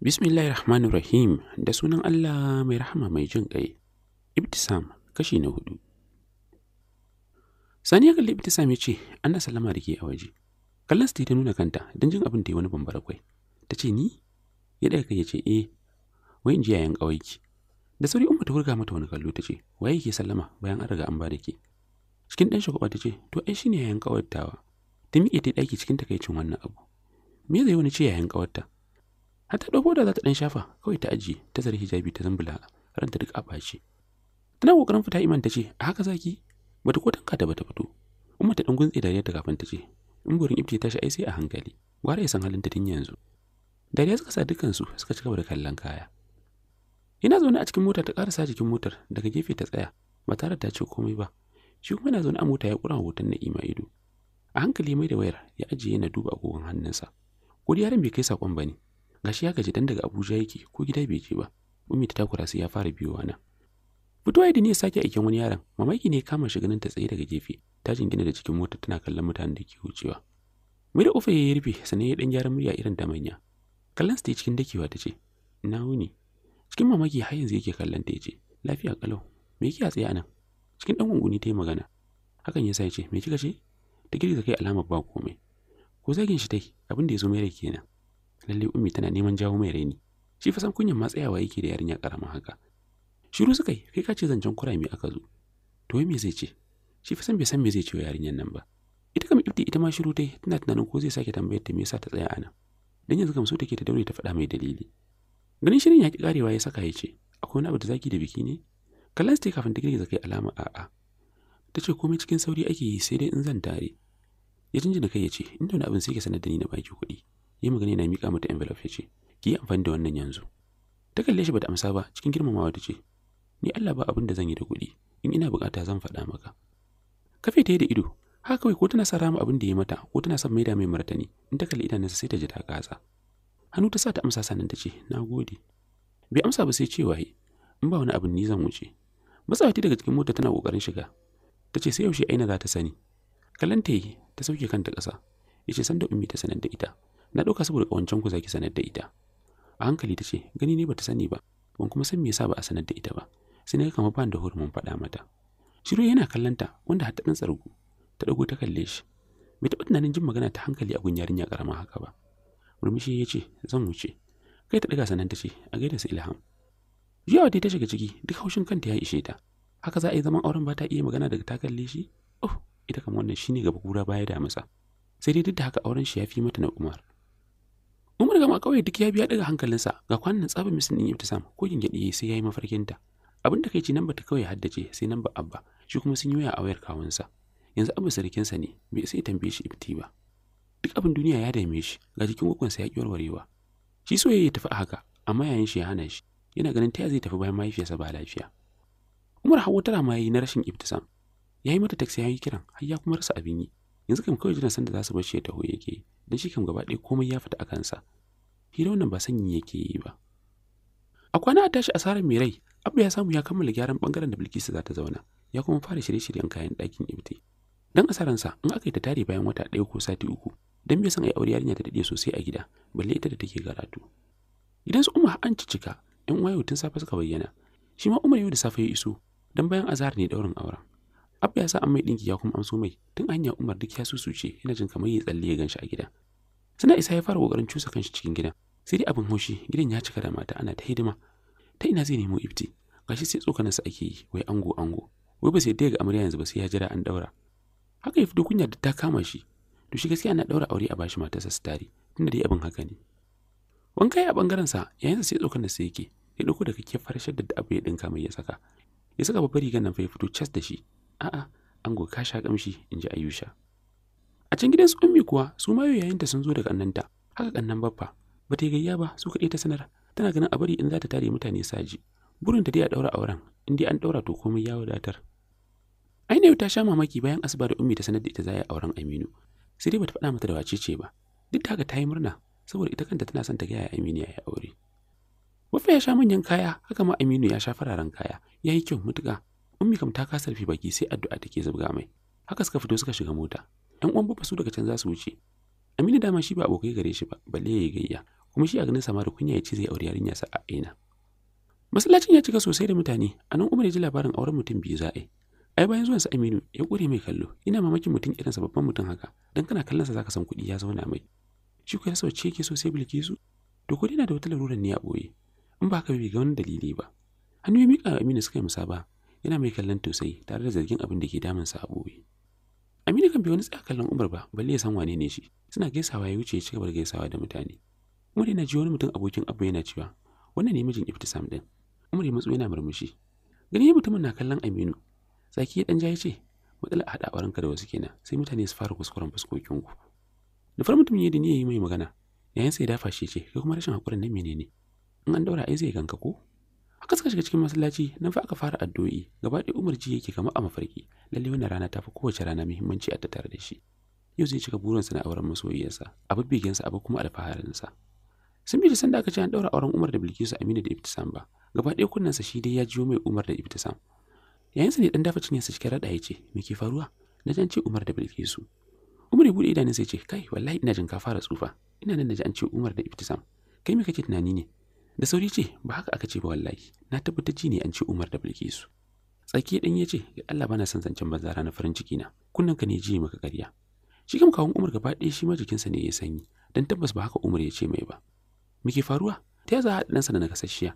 Bismillahir Rahmanir Rahim da sunan Allah mai rahama mai jin ƙai. Ibtisam kashi na hudu. Sani ya kalli Ibtisam ya ce, "Ana salama da ke a waje." Kallon ta nuna kanta don jin abin da ya wani bambara kwai. Ta ce, "Ni?" Ya daga kai ya ce, e wai in ji yayan ki. Da sauri Umma ta hurga mata wani kallo ta ce, "Waye ke sallama bayan an riga an ba da ke?" cikin ɗan shugaba ta ce to ai shine yayan ƙawartawa ta miƙe ta ɗaki cikin takaicin wannan abu me zai wani ce yayan kawarta har ta ɗauko da za ta ɗan shafa kawai ta ajiye ta zari hijabi ta zambula ranta duk a ɓace tana ƙoƙarin fita iman ta ce a haka zaki bata ko tanka ta bata fito umma ta ɗan dariya ta kafin ta ce in gurin ibti ta shi ai sai a hankali gwara ya san halin ta tun yanzu dariya suka sa dukansu suka ci gaba da kallon kaya ina zaune a cikin mota ta ƙarasa jikin motar daga gefe ta tsaya ba tare da ta ce komai ba shi kuma na zaune a mota ya kura hoton Na'ima ido a hankali mai da wayar ya ajiye yana duba agogon hannunsa ko yaron bai kai sakon ne. gashi ya gaji dan daga Abuja yake ko gida bai je ba ummi ta takura sai ya fara biyowa nan fitowa da ne sake aikin wani yaron mamaki ne kama shi ganin ta tsaye daga gefe ta jingina da cikin mota tana kallon mutanen da ke wucewa mai da ƙofa ya yi rufe sannan ya dan gyara murya irin da manya kallon ta cikin dakewa ta ce ina wuni cikin mamaki har yanzu yake kallon ta ya ce lafiya kalau me yake a tsaye nan cikin ɗan gunguni ta yi magana hakan ya sa ya ce me kika ce ta girgiza kai alamar ba komai ko zagin shi ta yi abin da ya zo mai rai kenan lalle ummi tana neman jawo mai raini shi fa san kunyan matsayawa tsayawa yake da yarinya karama haka shiru suka yi kai ka ce zancen kurami aka zo to me zai ce shi fa san bai san me zai ce wa yarinyan nan ba ita kam ibti ita ma shiru tai tana tunanin ko zai sake tambayar ta me yasa ta tsaya nan. dan yanzu kam so take ta daure ta faɗa mai dalili ganin shirin ya ki karewa ya saka ya ce akwai wani abu da zaki da biki ne kallon su kafin ta girgiza kai alama a'a ta ce komai cikin sauri ake yi sai dai in zan tare ya jinjina kai ya ce inda wani abin sai ke sanar da ni na baki kuɗi yi magana yana miƙa mata envelope ya ce ki yi amfani da wannan yanzu ta kalle shi bata amsa ba cikin girmamawa ta ce ni Allah ba abin da zan yi da kuɗi in ina bukata zan faɗa maka kafe ta yi da ido haka kawai ko tana sa rama abin da ya mata ko tana son maida mai martani in ta kalli idanunsa sai ta ji ta kasa hannu ta sa ta amsa sanan ta ce na gode bai amsa ba sai cewa yi in ba wani abin ni zan wuce matsawa daga cikin mota tana kokarin shiga ta ce sai yaushe aina za ta sani kallon ta yi ta sauke kanta ƙasa ya ce sanda ummi ta sanar da ita na ɗauka saboda ƙawancen ku zaki sanar da ita a hankali ta ce gani ne bata sani ba ban kuma san me yasa ba a sanar da ita ba sai na ga kamar ban da hurumin faɗa mata shiru yana kallon ta wanda har ta ɗan tsargu ta ɗago ta kalle shi bai taɓa tunanin jin magana ta hankali a gunyarin ya ƙarama haka ba murmushi ya ce zan wuce kai ta ɗaga sanar ta ce a gaida su ilham dai ta shiga ciki duk haushin kanta ya ishe ta. Haka za a yi zaman auren ba ta iya magana daga ta kalle shi? Oh, ita kam wannan shine gaba kura baya da masa. Sai dai duk da haka auren shi ya fi mata na Umar. Umar gama kawai duk ya biya daga hankalinsa ga kwanan tsabin misin ta Ibtisam ko gingedi sai yayi mafarkinta. Abin da kai ci ba ta kawai haddace sai nan ba Abba shi kuma sun yoya a wayar kawunsa. Yanzu Abba sarkinsa ne bai sai tambaye shi Ibti ba. Duk abin duniya ya dame shi ga jikin gwagwansa ya ki warwarewa. Shi soyayya ta tafi a haka amma yayin shi ya hana shi. yana ganin ta zai tafi bayan mahaifiyarsa ba lafiya umar hawo tana ma yayi na rashin ibtisam ya yi mata taksi ya kiran har ya kuma rasa abin yi yanzu kam kawai jiran sanda za su shi ya taho yake dan shi kam gaba ɗaya komai ya fita a kansa hira wannan ba sanyi yake yi ba a kwana a tashi asarar mai rai abu ya samu ya kammala gyaran bangaren da bilkisu za ta zauna ya kuma fara shirye-shiryen kayan ɗakin ibti dan sa in aka yi ta tare bayan wata ɗaya ko sati uku dan bai san ai aure yarinya ta dade sosai a gida balle ita da take karatu idan su umar an cicika 'yan wayo tun safe suka bayyana shi ma umar yau da safe ya iso don bayan azhar ne daurin auren Abu ya sa an mai dinki ya kuma amso mai tun hanya umar duk ya susuce yana jin kamar ya tsalle ya ganshi a gida suna isa ya fara kokarin cusa kanshi cikin gidan sai dai abin haushi gidan ya cika da mata ana ta hidima ta ina zai nemo ifti gashi sai sa ake yi wai ango ango wai ba sai dai ga amarya yanzu ba sai ya jira an daura haka fi kunya da ta kama shi to shi gaskiya ana daura aure a bashi matarsa su tare tunda dai abin haka ne wanka ya bangaren sa yayin sai sa yake ya ɗauko daga kake farshe da abu ya dinka mai ya saka ya saka babbar rigar nan fa ya fito cas da shi a'a an ka sha kamshi in ji ayusha a can gidan su ummi kuwa su mayo yayin ta sun zo daga annanta haka kannan baffa ba ta gayya ba su kaɗai ta sanar tana ganin a bari in za ta tare mutane saji burin ta dai a ɗaura auren in dai an daura to komai ya wadatar ainihu ta sha mamaki bayan asuba da ummi ta sanar da ita za a auren aminu sai dai bata faɗa mata da wace ce ba duk da haka ta yi murna saboda ita kanta tana son ta gaya aminu ya yi aure Wafa ya sha manyan kaya, haka ma Aminu ya sha fararen kaya, ya yi kyau mutuka. Ummi kam ta kasa rufe baki sai addu'a take zubga mai. Haka suka fito suka shiga mota. ‘Yan uwan bafa su daga can za su wuce. Aminu dama shi ba abokai gare shi ba, balle ya yi gayya, kuma shi a ganin sama da kunya ya ce zai aure yarinya sa a ina. Masallacin ya cika sosai da mutane, a nan Umar ya ji labarin auren mutum biyu za Ai bayan zuwan sa Aminu ya kure mai kallo, ina mamakin mutum irin sa babban mutum haka, dan kana kallon sa zaka san kuɗi ya zauna mai. Shi ko ya sauce yake so sai Bilkisu? To ko dina da wata larurar ne a boye, in ba ka bai ga wani dalili ba hannu ya miƙa wa aminu suka yi ba, yana mai kallon tausayi tare da zargin abin da ke sa a ɓoye aminu kan bai wani tsaya kallon umar ba balle ya san wane ne shi suna gaisawa ya wuce ya ci gaba da gaisawa da mutane umar yana ji wani mutum abokin abu yana cewa wannan ne mijin iftisam din umar ya matsu yana murmushi gani ya mutumin na kallon aminu tsaki ya ɗan ja ya ce matsala a haɗa ka da wasu kenan sai mutane su fara kuskuren fuskokinku da far mutum ya da ya yi mai magana yayin sai dafa shi ce kai kuma rashin hakurin nan menene in an daura ai zai ganka ko haka suka shiga cikin masallaci nan fa aka fara addu'o'i gaba ɗaya Umar ji yake kamar a mafarki lalle wannan rana ta fi kowace rana muhimmanci a tattare da shi yau zai cika burinsa na auren masoyiyarsa abu a abu kuma alfaharinsa sun bi da sanda aka ce an daura auren Umar da Bilkisu Aminu da Ibtisam ba gaba ɗaya kunnensa shi dai ya jiyo mai Umar da Ibtisam yayinsa ne dan dafa cinyarsa cikin raɗa ya ce me ke faruwa na jan ce Umar da Bilkisu Umar ya bude idanunsa ya ce kai wallahi ina jin ka fara tsufa ina nan da ji an ce Umar da Ibtisam kai me kake tunani ne da sauri ce ba haka aka ce ba wallahi na tabbatar ji ne an ce Umar da Bilkisu tsaki dan ya ce ga Allah bana son zancen banza rana farin ciki na kunnan ka ne ji maka ƙarya shi kam kawun Umar gaba ɗaya shi ma jikinsa ne ya sanyi Don tabbas ba haka Umar ya ce mai ba Mu ke faruwa ta za a ɗansa da nakasasshiya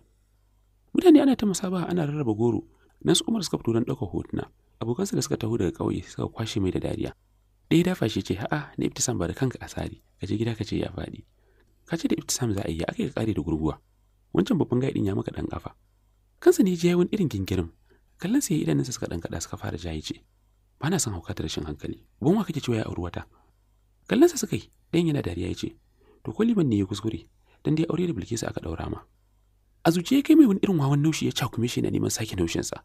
mutane ana ta musaba ana rarraba goro nan su Umar suka fito don ɗaukar hotuna abokansa da suka taho daga ƙauye suka kwashe mai da dariya ɗaya dafa shi ce ha'a na Ibtisam ba da kanka asari ka je gida ka ce ya faɗi ka ce da Ibtisam za a yi aka ka kare da gurguwa wancan babban gaidin ya maka ɗan ƙafa. kansa ne ji yawon irin gingirin kallon sai idanunsa suka ɗan kada suka fara jayi ce ba na son hauka ta rashin hankali uban wa kake cewa ya auri wata kallon sa suka yi dan yana dariya ya ce to ko liman ne ya kuskure dan dai aure da bilkisu aka ɗaura ma a zuciya kai mai wani irin wawan naushi ya cakume shi na neman sake naushinsa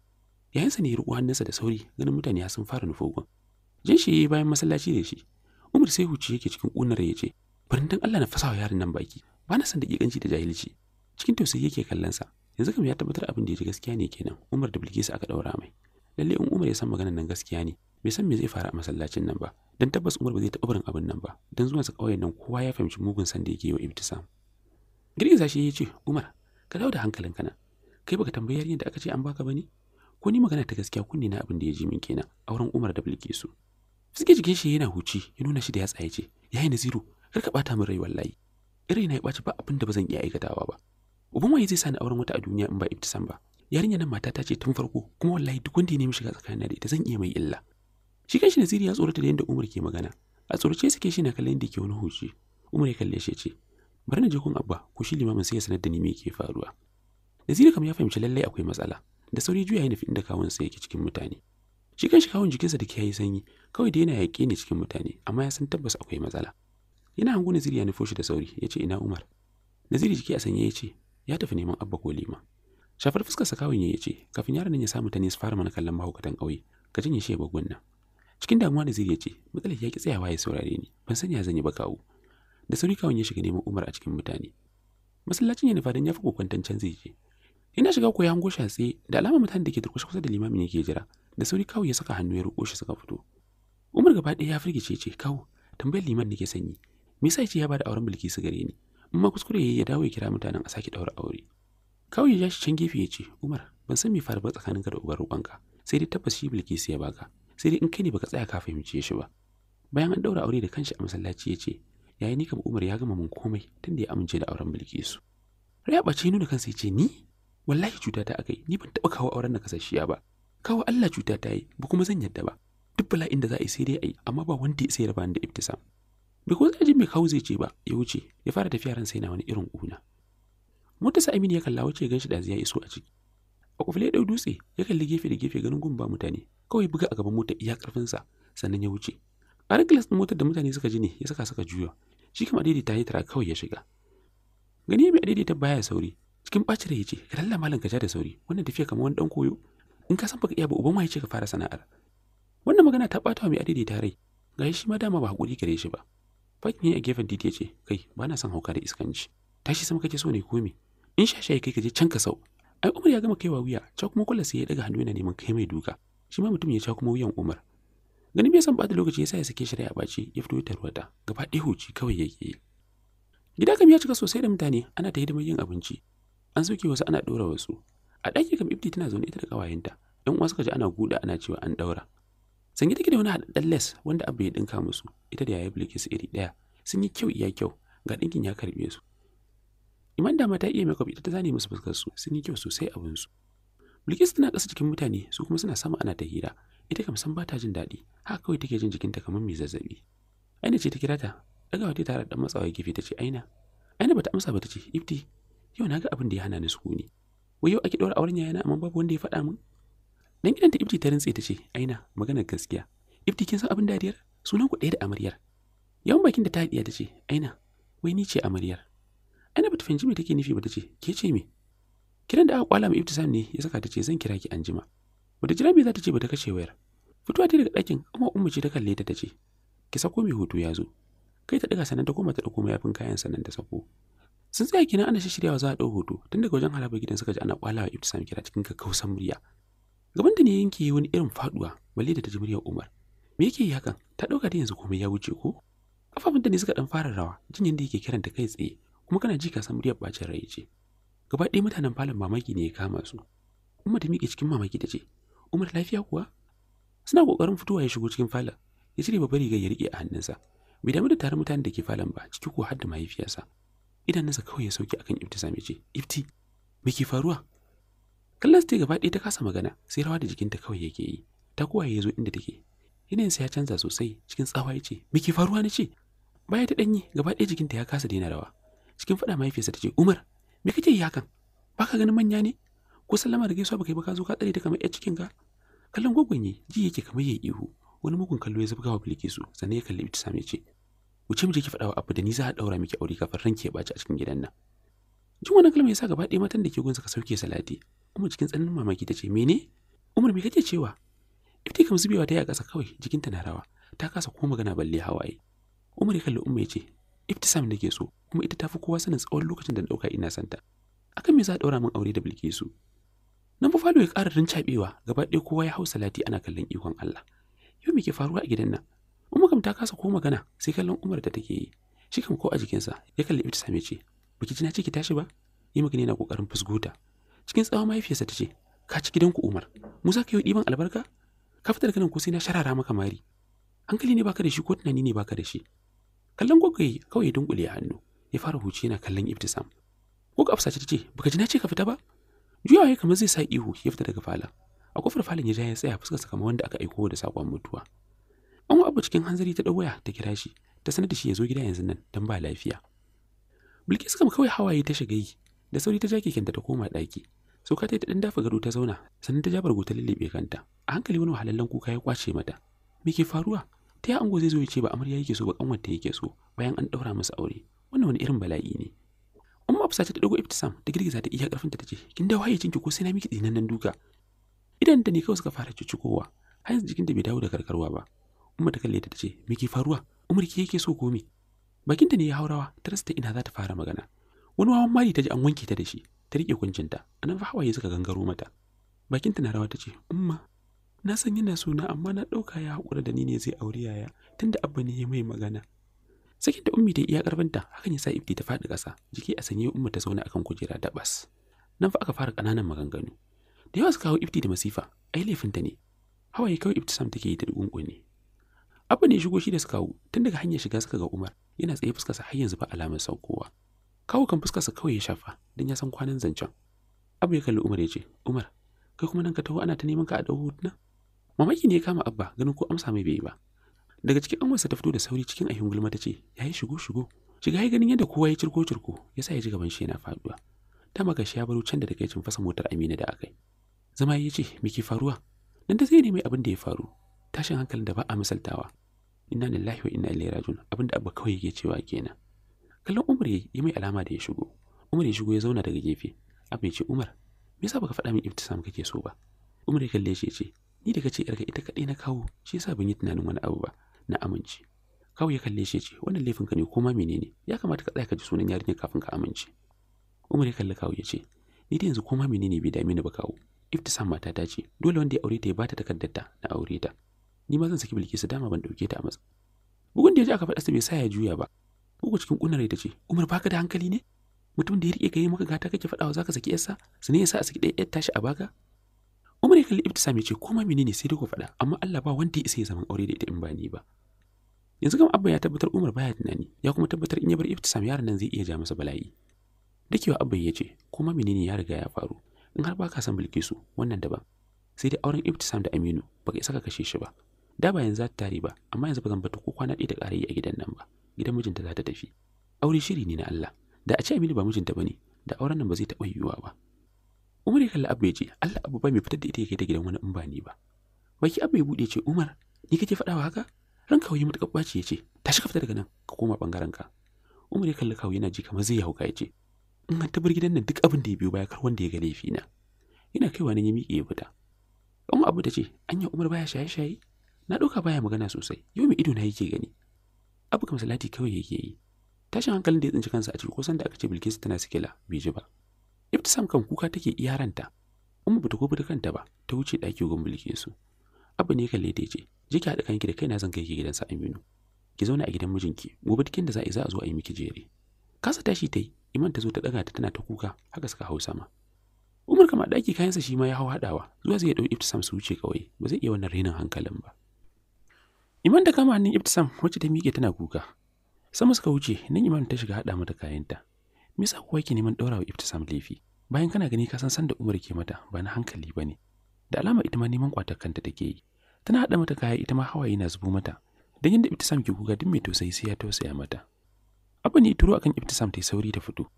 yayinsa ne ya riƙo hannunsa da sauri ganin mutane sun fara nufogon jin shi yayi bayan masallaci da shi umar sai huci yake cikin ƙunar ya ce bari dan Allah na fasawa yaron nan baki ba na san da ƙiƙanci da jahilci cikin tausayi yake kallon sa yanzu kam ya tabbatar abin da ya ji gaskiya ne kenan Umar da Bilkisu aka daura mai lalle in Umar ya san maganar nan gaskiya ne bai san me zai fara a masallacin nan ba dan tabbas Umar ba zai taɓa barin abin nan ba dan zuwan sa kauyen nan kowa ya fahimci mugun san da yake yi wa Ibtisam girgiza shi ya ce Umar ka dawo da hankalin na kai baka tambayar yarinyar da aka ce an baka bane ko ni magana ta gaskiya kunne na abin da ya ji min kenan auren Umar da Bilkisu suke jike shi yana huci ya nuna shi da ya tsaye ce yayi Naziru kar ka bata min rai wallahi irin ya ɓaci ba abin da ba zan iya aikatawa ba uban waye zai sani auren wata a duniya in ba ibtisam ba yarinya nan matata ce tun farko kuma wallahi duk wanda ya nemi shiga tsakanina da ita zan iya mai illa shi kanshi Naziri ya tsorata da yadda Umar ke magana a tsorace suke shi na kallon yadda ke wani huci Umar ya kalle shi ce bari na je kun abba ko shi limamin sai ya sanar da ni me ke faruwa Naziri kam ya fahimci lallai akwai matsala da sauri juya ya nufi inda kawun sa yake cikin mutane shi kanshi kawun jikinsa da ke yayi sanyi kawai da yana yaƙe ne cikin mutane amma ya san tabbas akwai matsala yana hango Naziri ya nufo shi da sauri ya ce ina Umar Naziri jiki a sanye ya ce ya tafi neman abba ko lima shafar fuskar sa kawun ya ce kafin yaron nan ya samu ta su fara mana kallon mahaukatan ƙauye ka janye shi ya bagun nan cikin damuwa da zai ya ce matsalar ya ki tsayawa ya saurare ni ban san ya zanyi ba kawo da sauri kawun ya shiga neman umar a cikin mutane masallacin ya nufa don ya fi kokwantan can zai je ina shiga koyi hango shi tsaye da alama mutane da ke turkushe kusa da limamin yake jira da sauri kawun ya saka hannu ya roƙo shi suka fito umar gaba ɗaya ya firgice ce kawo tambayar liman ke sanyi me yasa ce ya bada auren su gare ni in ma kuskure ya dawo ya kira mutanen a sake daura aure kawai ya shi can gefe ya ce umar ban san me faru ba tsakanin ka da uban roƙonka sai dai tabbas shi bilkisu ya baka sai dai in kai ne baka tsaya ka fahimce shi ba bayan an daura aure da kanshi a masallaci ya ce yayi ni kam umar ya gama mun komai tunda ya amince da auren bilkisu rai ɓace nuna kansa ya ce ni wallahi cuta ta akai ni ban taɓa kawo auren na kasashiya ba kawo Allah cuta ta yi ba kuma zan yadda ba duk bala'in da za a yi sai dai a yi amma ba wanda ya sayar ni da ibtisam bai ko tsaya ji mai kawo zai ce ba ya wuce ya fara tafiya sai na wani irin ƙuna motarsa aminu ya kalla wuce ganshi da ya iso a ciki a kufle ya ɗau dutse ya kalli gefe da gefe ganin gun ba mutane kawai buga a gaban mota iya sa sannan ya wuce a gilas ɗin motar da mutane suka ji ne ya saka suka juya shi kama ta yi tara kawai ya shiga gani mai ta baya sauri cikin ɓacin ya ce ka lalla malam ka ja da sauri wannan tafiya kamar wani ɗan koyo in ka san baka iya ba uban ma ya ce ka fara sana'ar wannan magana ta ɓata wa mai ta rai ga shi ma dama ba hakuri gare shi ba fakin ne a gefen titi ya ce, kai, ba na son hauka da iskanci. Tashi sama kake so ne komi in sha shashaye kai ka je can ka sau. Ai Umar ya gama kaiwa wuya, ca kuma kula sai ya daga hannu yana neman kai mai duka. Shi ma mutum ya ca kuma wuyan Umar. Ganin bai san ba da lokaci yasa ya sake shirya a bace ya fito ta ruwata, gaba ɗaya huci kawai yake yi. Gida kam ya cika sosai da mutane, ana ta hidimar yin abinci. An soke wasu ana ɗora wasu. A ɗaki kam ifti tana zaune ita da ƙawayenta. Ɗan uwa suka ji ana guda ana cewa an ɗaura. sanye take da wani haɗaɗɗen les wanda abu ya ɗinka musu ita da yaya bilkis iri ɗaya sun yi kyau iya kyau ga ɗinkin ya karɓe su iman dama ta iya makeup ita ta zane musu fuskar su sun yi kyau sosai abin su bilkis tana ƙasa cikin mutane su kuma suna sama ana ta hira ita kam san bata ta jin daɗi haka kawai take jin jikinta kamar mai zazzaɓi aina ce ta kira ta ɗagawa ta tare da ɗan matsawa gefe ta ce aina aina bata amsa ba ta ce ifti yau na ga abin da ya hana ni sukuni wai yau ake ɗora auren yayana amma babu wanda ya faɗa min dan gidan ta ibti ta rintse ta ce aina maganar gaskiya ibti kin san abin dariyar sunan ku ɗaya da amaryar yawan bakin da ta haɗiya ta ce aina wai ni ce amaryar aina bata fahimci me take nufi ba ta ce ke ce me kiran da aka kwala ma ibtisam ne ya saka ta ce zan kira ki anjima bata jira me za ta ce bata kashe wayar fitowa ta daga ɗakin kuma umma ce ta kalle ta ta ce ki sako mai hoto ya zo kai ta ɗaga sannan ta koma ta ɗauko mayafin kayan sannan ta sako sun tsaya kina ana wa za a ɗau hoto tun daga wajen harabar gidan suka ji ana kwala wa ibtisam kira cikin kakkausan murya gaban da ne yanke wani irin faduwa balle da ta ji muryar Umar me yake yi hakan ta dauka da yanzu komai ya wuce ko kafafun da ne suka dan fara rawa jin yadda yake kiran ta kai tsaye kuma kana ji ka san muryar bacin rai ce gaba ɗaya mutanen falon mamaki ne ya kama su Umar ta miƙe cikin mamaki ta ce Umar lafiya kuwa suna kokarin fitowa ya shigo cikin falon ya cire babbar rigar ya rike a hannunsa bai damu da tare mutanen da ke falon ba ciki ko har da Idan nasa kawai ya sauke akan ibtisam ya ce ifti me ke faruwa kallon ta gaba ɗaya ta kasa magana sai rawa da jikinta kawai yake yi ta kuwa ya zo inda take yanayinsa ya canza sosai cikin tsawa ya ce me ke faruwa na ce baya ta ɗanyi gaba ɗaya jikinta ya kasa daina rawa cikin faɗa mahaifiyarsa ta ce umar me kake yi hakan ka ganin manya ne ko sallama da gaisuwa baka yi ba ka zo ka tsare ta kamar ƴar cikin ka kallon ya ji yake kamar yayi ihu wani mugun kallo ya zubga wa bilkisu sannan ya kalli ibtisam ya ce wuce mu je ki faɗa wa abu da ni za a ɗaura miki aure kafin ranki ya ɓaci a cikin gidan nan jin wannan kalmar ya sa gaba ɗaya matan da ke gunsa ka sauke salati kuma cikin tsananin mamaki ta ce mene? Umar me kake cewa? Ifti kam zubewa ta yi a ƙasa kawai jikinta na rawa ta kasa ko magana balle hawaye. Umar ya kalli Umma ya ce Iftisam nake so kuma ita ta fi kowa sanin tsawon lokacin da na ɗauka ina santa. Akan me za a ɗaura min aure da Bilkisu? Nan fa falo ya ƙara caɓewa gaba ɗaya kowa ya hau salati ana kallon ikon Allah. Yau me ke faruwa a gidan nan? Umma kam ta kasa ko magana sai kallon Umar da take yi. Shi kam ko a jikinsa ya kalli Iftisam ya ce baki ji na ce ki tashi ba? Yi magana yana kokarin fusguta. cikin tsawon mahaifiyarsa ta ce ka ci gidan ku umar Musa, za ka yi ɗiban albarka ka fita daga nan ko sai na sharara maka mari hankali ne baka da shi ko tunani ne baka da shi kallon gogo kawai ya dunkule a hannu ya fara huce yana kallon ibtisam Ko afsace ta ce baka ji na ce ka fita ba juyawa ya kamar zai sa ihu ya fita daga falon a kofar falon ya ja ya tsaya fuskarsa kamar wanda aka aiko da sakon mutuwa an abu cikin hanzari ta waya ta kira shi ta sanar da shi ya zo gida yanzu nan don ba lafiya bilkisu kam kawai hawaye ta shiga yi da sauri ta ja kekenta ta koma ɗaki sauka ta dan dafa gado ta zauna sannan ta jabar ta kanta a hankali wani wahalallen kuka ya kwace mata me ke faruwa ta ya ango zai zo ya ce ba amarya yake so ba kanwar ta yake so bayan an ɗaura masa aure wannan wani irin bala'i ne umma afsa ta dago iftisam ta girgiza ta iya karfin ta ce, kin dawo haye cinki ko sai na miki dinan nan duka idan da ne kawai suka fara cucukowa har yanzu jikinta bai dawo da karkarwa ba umma ta kalle ta ce, me ke faruwa umar ki yake so ko me bakinta ne ya haurawa ta rasa ina za ta fara magana wani wawan mari ta ji an wanke ta da shi ta riƙe kuncinta a nan fa hawaye suka gangaro mata bakinta na rawa ta ce umma na san yana suna amma na ɗauka ya haƙura da ni ne zai auri yaya tunda abba ne ya mai magana sakin da ummi ta iya karfinta hakan ya sa ifti ta faɗi ƙasa jiki a sanye umma ta zauna akan kujera da bas nan fa aka fara ƙananan maganganu da yawa suka kawo ifti da masifa ai laifinta ne hawaye kawai ifti sam take yi ta dukunkuni abba ne shigo shi da suka hau tun daga hanyar shiga suka ga umar yana tsaye fuskarsa har yanzu ba alamar saukowa kawo kan fuskarsa kawai ya shafa don ya san kwanan zancen abu ya kalli umar ya ce umar kai kuma nan ka taho ana ta neman ka a dau hutuna mamaki ne ya kama abba ganin ko amsa mai bai ba daga cikin amsa ta fito da sauri cikin ayyun gulma ta ce yayi shigo shigo shiga ya ganin yadda kowa ya cirko cirko ya sa ya ji gaban shi yana faduwa ta maka shi ya baro can da take cin fasa motar amina da akai zama ya ce me ke faruwa nan ta zai ne mai abin da ya faru tashin hankalin da ba a misaltawa inna lillahi wa inna ilaihi rajiun abin abba kawai yake cewa kenan kallon umar ya mai alama da ya shigo umar ya shigo ya zauna daga gefe abu ya ce umar me yasa baka faɗa min ibtisam kake so ba umar ya kalle shi ya ce ni daga ce yarka ita kaɗai na kawo shi yasa ban yi tunanin wani abu ba na amince kawai ya kalle shi ya ce wannan laifin ka ne ko ma menene ya kamata ka tsaya ka ji sunan yarinya kafin ka amince umar ya kalli kawo ya ce ni da yanzu ko ma menene bai dame ni ba kawo Iftisam mata ta ce dole wanda ya aure ta ya bata takardar ta na aure ta ni ma zan saki Bilkisu dama ban dauke ta a matsa bugun da ya ji aka faɗa sa bai sa ya juya ba ko cikin ƙunar ta ce, Umar baka da hankali ne? Mutum da ya rike ka yi maka gata kake faɗawa za ka saki yarsa, su ne ya a saki ɗaya yar tashi a baka? Umar ya kalli Ibtisam ya ce koma menene sai dai ku faɗa, amma Allah ba wanda ya isa ya zaman aure da ita in ba ni ba. Yanzu kam Abba ya tabbatar Umar baya tunani, ya kuma tabbatar in ya bar Ibtisam yaron nan zai iya ja masa bala'i. Dakewa Abba ya ce, koma menene ya riga ya faru, in har baka ka san Bilkisu wannan daban. Sai dai auren Ibtisam da Aminu baka isa ka kashe shi ba. Da ba yanzu za ta tare ba, amma yanzu ba zan bata ko kwana ɗaya da ƙarayi a gidan nan ba. gidan mijinta za ta tafi aure shiri ne na Allah da a ce Aminu ba mijinta bane da auren nan ba zai taɓa yiwuwa ba Umar ya kalli Abba ya ce Allah Abba ba mai fitar da ita yake ta gidan wani in ba ni ba baki Abba ya bude ce Umar ni kake faɗawa haka ran kawai mutaka ɓaci ya ce tashi ka fita daga nan ka koma bangaren ka Umar ya kalli kawu yana ji kamar zai hauka ya ce in an tabar gidan nan duk abin da ya biyo baya kar wanda ya ga laifi na yana kaiwa nan ya miƙe ya fita Umar Abu ta ce anya Umar baya shaye-shaye na ɗauka baya magana sosai yau mai ido na yake gani abu kam salati kawai yake yi tashin hankalin da ya tsinci kansa a cikin kusan da aka ce bilkisu tana sikila bai ji ba ibtisam kan kuka take iyaranta umma bata gobe da kanta ba ta wuce ɗaki gun bilkisu abu ne kalle ta ce je ki haɗa kanki da kaina zan kai ki gidansa aminu ki zauna a gidan mijinki gobe dukin da za a za a zo a yi miki jere kasa tashi ta yi iman ta zo ta ɗaga ta tana ta kuka haka suka hau sama umar kama ɗaki kayansa shi ma ya hau haɗawa zuwa zai ɗau ibtisam su wuce kawai ba zai iya wannan rainin hankalin ba Iman da kama hannun Ibtisam wacce ta miƙe tana kuka. Sama suka wuce nan Iman ta shiga haɗa mata kayanta. Me yasa kowa yake neman ɗaurawa Ibtisam laifi? Bayan kana gani ka san san da Umar ke mata ba na hankali ba ne. Da alama ita ma neman kwatar kanta take yi. Tana haɗa mata kaya ita ma hawaye na zubo mata. Dan yadda Ibtisam ke kuka duk mai tausayi sai ya tausaya mata. Abu ne turo akan Ibtisam ta yi sauri ta fito.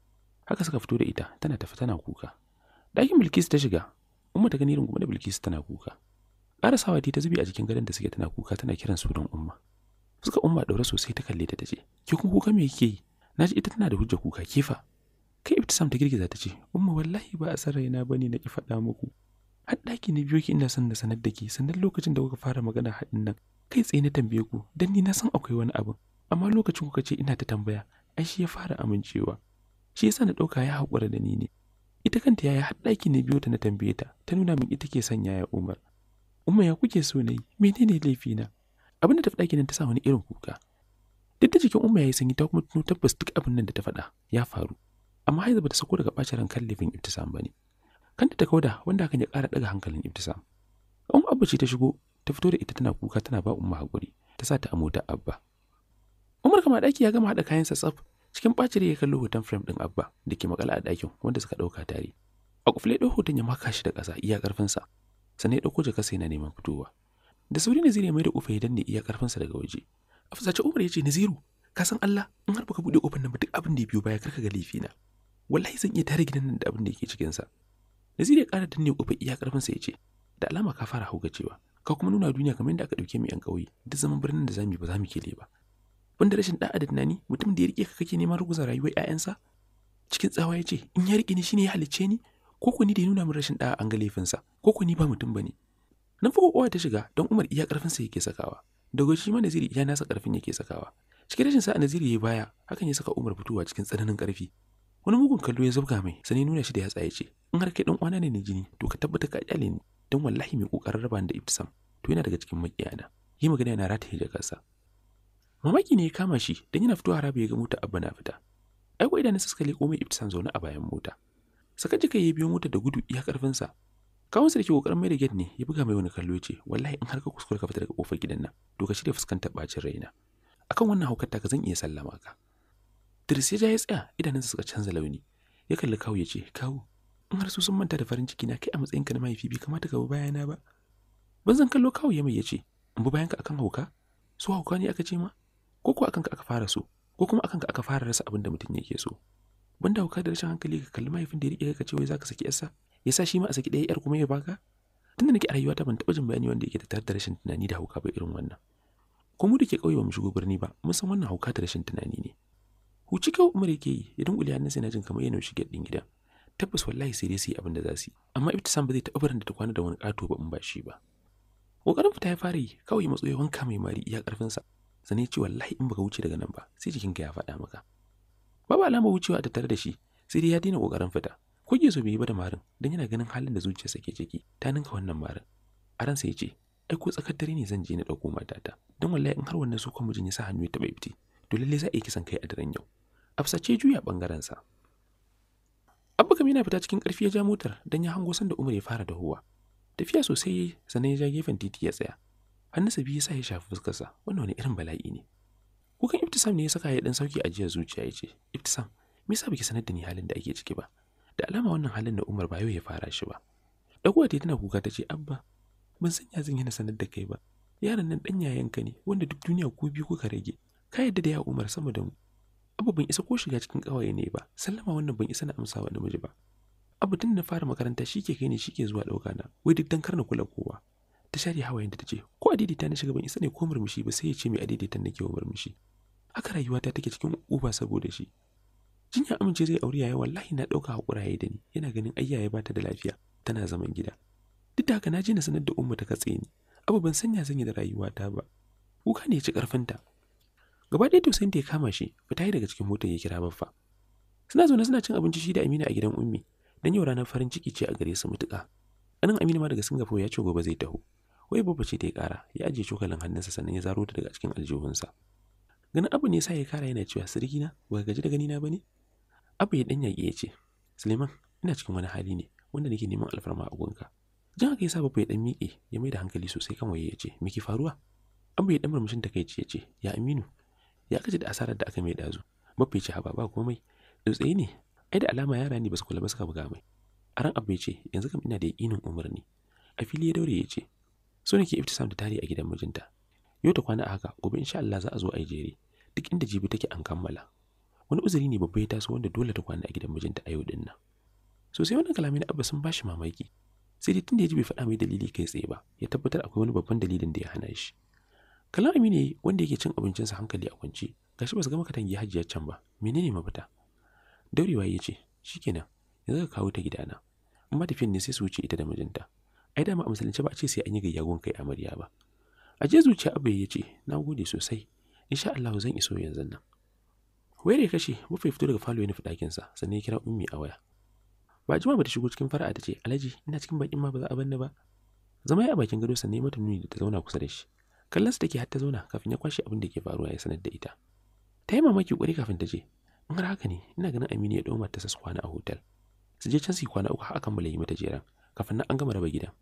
Haka suka fito da ita tana tafi tana kuka. Ɗakin Bilkisu ta shiga. umar ta gani rungume da Bilkisu tana kuka. ƙarasawa ta zubi a jikin gadon da suke tana kuka tana kiran sunan umma suka umma ɗaure sosai ta kalle ta ce. Ke kun kuka me kike yi na ji ita tana da hujja kuka kifa. kai ibtisam ta girgiza ta ce umma wallahi ba a san raina bane na ki faɗa muku har ɗaki na biyo ki ina son na sanar da ke sannan lokacin da kuka fara magana haɗin nan kai tsaye na tambaye ku dan ni na san akwai wani abu amma lokacin kuka ce ina ta tambaya ai shi ya fara amincewa shi yasa na ɗauka ya haƙura da ni ne ita kanta yaya har ɗaki na biyo ta na tambaye ta ta nuna min ita ke son yaya umar umma ya kuke so na yi menene laifina abin da ta faɗa kenan ta sa wani irin kuka duk da jikin umma ya yi sanyi ta kuma tuno tabbas duk abin nan da ta faɗa ya faru amma haiza bata sako daga ɓacin ran kan laifin ibtisam ba ne kanta ta kauda wanda hakan ya ƙara ɗaga hankalin ibtisam um abba ce ta shigo ta fito da ita tana kuka tana ba umma hakuri ta sa ta a ta abba umar kama ɗaki ya gama haɗa kayansa tsaf cikin ɓacin ya kallo hoton frame ɗin abba da ke makala a ɗakin wanda suka ɗauka tare a kufle ɗaya hoton ya maka shi da ƙasa iya ƙarfinsa sannan ya ɗauko jaka sai na neman fitowa da sauri naziru ya mai da ƙofa ya danne iya ƙarfinsa daga waje a fusace umar ya ce naziru ka san allah in har baka buɗe ƙofar nan ba duk abin da ya biyo baya karka ga laifi na. wallahi zan iya tare gidan nan da abin da yake cikinsa nazir ya ƙara danne ƙofar iya ƙarfinsa ya ce da alama ka fara cewa ka kuma nuna duniya kamar yadda aka ɗauke mu 'yan ƙauye duk zaman birnin da zamu yi ba za kele ba banda rashin da'a da tunani mutum da ya rike ka kake neman ruguza rayuwar 'ya'yansa cikin tsawa ya ce in ya rike ni shine ya halicce ni ko ku ni da ya nuna min rashin da'a an ga laifinsa ko ku ni ba mutum bane nan fa kokowa ta shiga don Umar iya karfin sa yake sakawa daga shi ma Naziri iya nasa karfin yake sakawa cikin rashin sa Naziri ya baya hakan ya saka Umar fitowa cikin tsananin karfi wani mugun kallo ya zubga mai sani nuna shi da yatsa ya ce in har kai dan uwana ne ni jini to ka tabbata ka kyale ni don wallahi mai kokarin raba da ibtisam. to yana daga cikin makiyana yi magana yana rataye sa mamaki ne ya kama shi don yana fitowa harabe ya ga mota abba na fita ai ko idanunsa suka leko mai ibtisam zaune a bayan mota saka jika ya biyo mota da gudu iya karfinsa kawunsa da ke kokarin mai da gate ne ya buga mai wani kallo ya ce wallahi in har ka kuskure ka fita daga kofar gidan nan to ka shirya fuskantar bacin raina akan wannan haukar ka zan iya sallama ka Tirsiya ya tsaya idanunsa suka canza launi ya kalli kawu ya ce kawu in har su sun manta da farin ciki na kai a matsayin ka na mahaifi bai kamata ka bi bayana ba ban zan kallo kawu ya mai ya ce in bi bayanka akan hauka su hauka ne aka ce ma ko ko akan ka aka fara so ko kuma akan ka aka fara rasa abin da mutum yake so ban da hauka da rashin hankali ka kalli mahaifin da ya riƙe ka ce wai zaka saki yarsa ya sa shi ma a saki ɗaya yar kuma ya baka tunda nake a rayuwata ban taɓa jin bayani wanda yake tattare da rashin tunani da hauka ba irin wannan ko mu da ke ƙauye ba mu shigo birni ba mun san wannan hauka da rashin tunani ne huci kawai umar yake yi ya hannun sai na jin kamar yana shi ɗin gida tabbas wallahi sai dai su yi abin da za su yi amma ibtisam ba zai taɓa barin da ta kwana da wani ƙato ba in ba shi ba ƙoƙarin fita ya fara yi kawai matsoyi wanka mai mari iya ƙarfinsa sannan ce wallahi in baka wuce daga nan ba sai jikinka ya faɗa maka Babu alamar wucewa a tattare da shi, sai dai ya daina kokarin fita. Kuge so bai yi ba da marin, don yana ganin halin da zuciyarsa ke ciki, ta ninka wannan marin. A ransa ya ce, ai ko tsakar dare ne zan je na dauko matata, don wallahi in har wannan su kuma mijin ya sa hannu ya taɓa fiti to lalle za a yi kisan kai a daren yau. ce juya ɓangaren sa. Abba kam yana fita cikin karfi ya ja motar don ya hango sanda Umar ya fara dahuwa. Tafiya sosai sannan ya ja gefen titi ya tsaya. Hannunsa biyu ya sa ya shafi fuskarsa, wannan wani irin bala'i ne. Kukan Iftisam ne ya saka ya dan sauki a jiya zuciya ya ce, Iftisam, me yasa baki sanar da ni halin da ake ciki ba? Da alama wannan halin da Umar ba yau ya fara shi ba. Dagowa ta tana kuka ta ce, Abba, ban san ya zan yi sanar da kai ba. yaran nan dan yayan ka ne wanda duk duniya ku biyu kuka rage. Ka yadda da ya Umar sama da mu. Abu ban isa ko shiga cikin kawaye ne ba. Sallama wannan ban isa na amsa wa namiji ba. Abu tun na fara makaranta shi shike kai ne ke zuwa dauka na. Wai duk dan karna kula kowa. Ta share hawayen da ta ce, ko adaidaita na shiga ban isa ne ko murmushi ba sai ya ce mai adaidaita nake wa murmushi. haka rayuwata take cikin uba saboda shi jin ya amince zai aure yayi wallahi na ɗauka hakura yayi da ni yana ganin ai ba ta da lafiya tana zaman gida duk da haka na je na sanar da umma ta katse ni abu ban sanya yi da rayuwata ba kuka ne ya ci ƙarfinta gaba ɗaya to tausayin da ya kama shi fita yi daga cikin motar ya kira baffa suna zaune suna cin abinci shi da Amina a gidan Ummi dan yau ranar farin ciki ce a gare su mutuka anan amina ma daga Singapore ya ce gobe zai taho wai babba ce ta ya kara ya ajiye cokalin hannunsa sannan ya zaro ta daga cikin aljihunsa ganin abu ne sa ya kara yana cewa sirgina na ba gaji da gani na bane abu ya dan ya ce suleiman ina cikin wani hali ne wanda nake neman alfarma a gunka jan haka yasa babu ya dan miƙe ya mai da hankali sosai kan waye ya ce miki faruwa abu ya dan murmushin takaici ya ce ya aminu ya kaji da asarar da aka mai dazu ya ce haba ba komai tsotsaye ne ai da alama yara ne ba su kula ba suka buga mai a ran abu ya ce yanzu kam ina da yakinin umarni a fili ya daure ya ce so nake iftisam da tare a gidan mijinta Yau ta kwana a haka, gobe insha Allah za a zo a yi jere. Duk inda jibi take an kammala. Wani uzuri ne babba ya taso wanda dole ta kwana a gidan mijinta a yau din nan. So sai wannan kalamai na Abba sun bashi mamaki. Sai dai tunda ya ji bai faɗa mai dalili kai tsaye ba, ya tabbatar akwai wani babban dalilin da ya hana shi. Kalan Aminu wanda yake cin abincinsa hankali a kwance, gashi ba su gama katangi hajjiyar can ba. Menene mafita? Daurewa ya ce, shikenan, yanzu ka kawo ta gidana. amma tafiyan ne sai su wuce ita da mijinta. Ai dama a musulunci ba a ce sai an yi gayyagon kai amarya ba. a je zuciya abu ya ce, na gode sosai, in sha Allah zan iso yanzu nan. wai da kashi mafi fito daga falo ya nufi ɗakinsa, sannan ya kira Ummi a waya. Ba jima ba ta shigo cikin fara'a ta ce, Alhaji, ina cikin bakin ma ba za a banna ba. Zama ya a bakin gado sannan ya mata nuni da ta zauna kusa da shi. Kallon su take har ta zauna kafin ya kwashe abin da ke faruwa ya sanar da ita. Ta yi mamaki kwari kafin ta je. in har haka ne, ina ganin Aminu ya ɗauma ta su kwana a hotel. Su je can su kwana uku har akan bala yi mata jeran, kafin nan an gama raba gidan.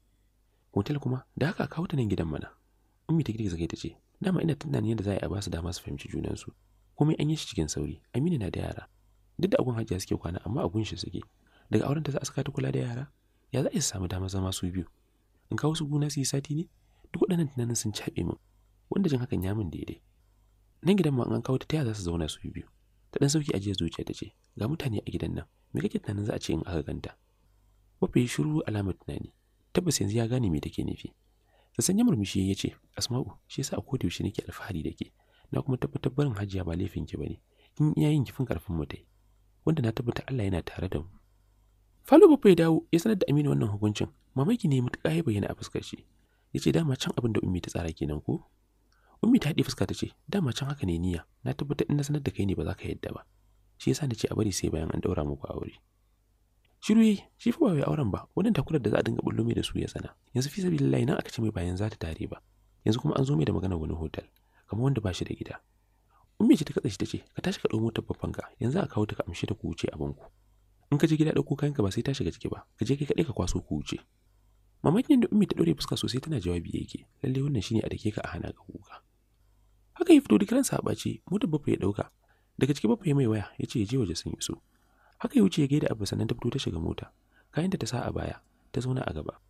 Hotel kuma, da haka kawo ta nan gidan mana. ummi ta girgiza kai ta ce dama ina tunanin yadda za a ba su dama su fahimci junansu komai an yi shi cikin sauri aminu na da yara duk da agun hajiya suke kwana amma agun shi suke daga auren ta za a saka ta kula da yara ya za a samu dama zama su biyu in kawo su gona su yi sati ne duk waɗannan tunanin sun caɓe min wanda jin hakan ya min daidai nan gidan ma an kawo ta taya za su zauna su biyu ta dan sauki ajiyar zuciya ta ce ga mutane a gidan nan me kake tunanin za a ce in aka ganta wafe shiru alamar tunani tabbas yanzu ya gane me take nufi da sanya murmushi ya ce asma'u shi yasa a da yaushe nake alfahari da ke na kuma tabbatar barin hajiya ba laifin ki ne in iya yin kifin karfin mu dai wanda na tabbata Allah yana tare da mu falo babba ya dawo ya sanar da Aminu wannan hukuncin mamaki ne mutuƙa ya bayyana a fuskar shi ya ce dama can abin da ummi ta tsara kenan ko ummi ta haɗe fuska ta ce dama can haka ne niyya na tabbatar in na sanar da kai ne ba za ka yadda ba shi yasa na ce a bari sai bayan an ɗaura muku aure shiru yayi shi fa ba wai auren ba wannan takurar da za a dinga bullo da su ya tsana yanzu fi sabilillahi nan aka ce mai bayan za ta tare ba yanzu kuma an zo mai da magana wani hotel kamar wanda ba shi da gida ummi ce ta katse shi tace ka tashi ka dawo motar babban ka yanzu a kawo ta ka amshe ta ku wuce a ku in ka je gida dauko kayan ka ba sai ta shiga ciki ba ka je kai kadai ka kwaso ku wuce mamakin da ummi ta dore fuska sosai tana jawabi yake lalle wannan shine a dake ka a hana ka kuka haka ya fito da ran a motar babba ya dauka daga ciki babba ya mai waya yace ya je waje sun iso haka ya wuce ya gaida abu sannan ta fito ta shiga mota kayan ta sa a baya ta zauna a gaba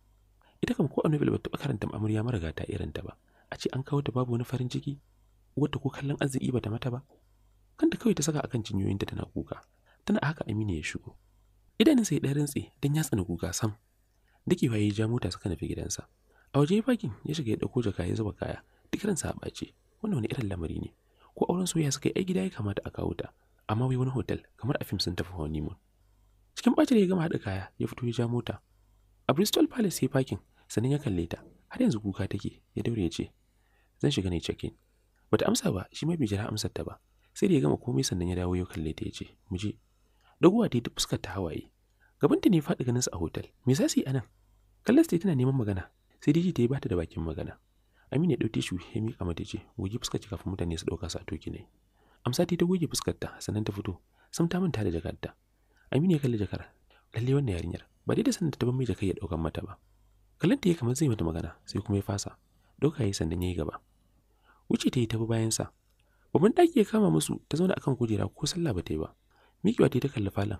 ita kam ko a nobel bata karanta amurya mara ta irin ta ba a ce an kawo ta babu wani farin ciki wadda ko kallon arziki bata mata ba kanta kawai ta saka akan cinyoyinta tana kuka tana haka Aminu ya shigo idanun sai ɗan rintse dan ya tsana kuka sam dakewa ya ja mota suka nufi gidansa a waje ya fakin ya shiga ya ɗauko jaka ya zuba kaya duk ransa a ɓace wannan wani irin lamari ne ko auren soyayya suka yi ai gida ya kamata a kawo ta amma wai wani hotel kamar a fim sun tafi honeymoon cikin ɓacin ya gama haɗa kaya ya fito ya ja mota a bristol palace ya parking sannan ya kalle ta har yanzu kuka take ya daure ya ce zan shiga ne check in bata amsa ba shi ma bai jira amsar ta ba sai da ya gama komai sannan ya dawo ya kalle ta ya ce mu je dagowa ta yi ta fuskar ta hawaye gaban ta ne faɗi ganin su a hotel me za su yi anan kallas ta tana neman magana sai dai ta yi bata da bakin magana Aminu ya ɗauke tishu ya miƙa mata ce goge fuskar ki kafin mutane su ɗauka sa toki ne amsa ta goge fuskarta sannan ta fito sam ta manta da jakarta aminu ya kalli jakar lalle wannan yarinyar ba dai da sanin ta ban mai jakai ya daukan mata ba kallanta ya kamar zai mata magana sai kuma ya fasa dauka yayi sannan yayi gaba wuce ta yi ta bayan sa babban daki ya kama musu ta zauna akan kujera ko sallah ba ta yi ba mikiwa ta ta kalli falon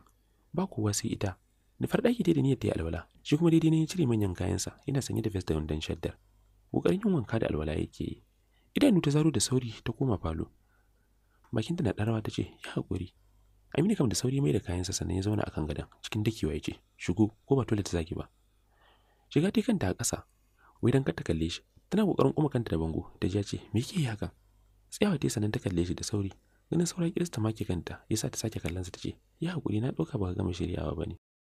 ba kowa sai ita nufar daki ta da niyyar ta yi alwala shi kuma daidai ne ya cire manyan kayansa yana sanye da vest da wandon shaddar ƙoƙarin yin wanka da alwala yake yi idanu ta zaro da sauri ta koma falo bakinta na ɗarawa ta ce ya haƙuri aminu kam da sauri mai da kayansa sannan ya zauna akan gadon cikin dakewa ya ce shigo ko ba toilet zaki ba shiga ta kanta a ƙasa wai dan ta kalle shi tana kokarin kuma kanta da bango ta ji ce me yake yi haka tsayawa ta sannan ta kalle shi da sauri ganin saura kirista ke kanta ya sa ta sake kallon sa ta ce ya hakuri na ba baka gama shiryawa ne.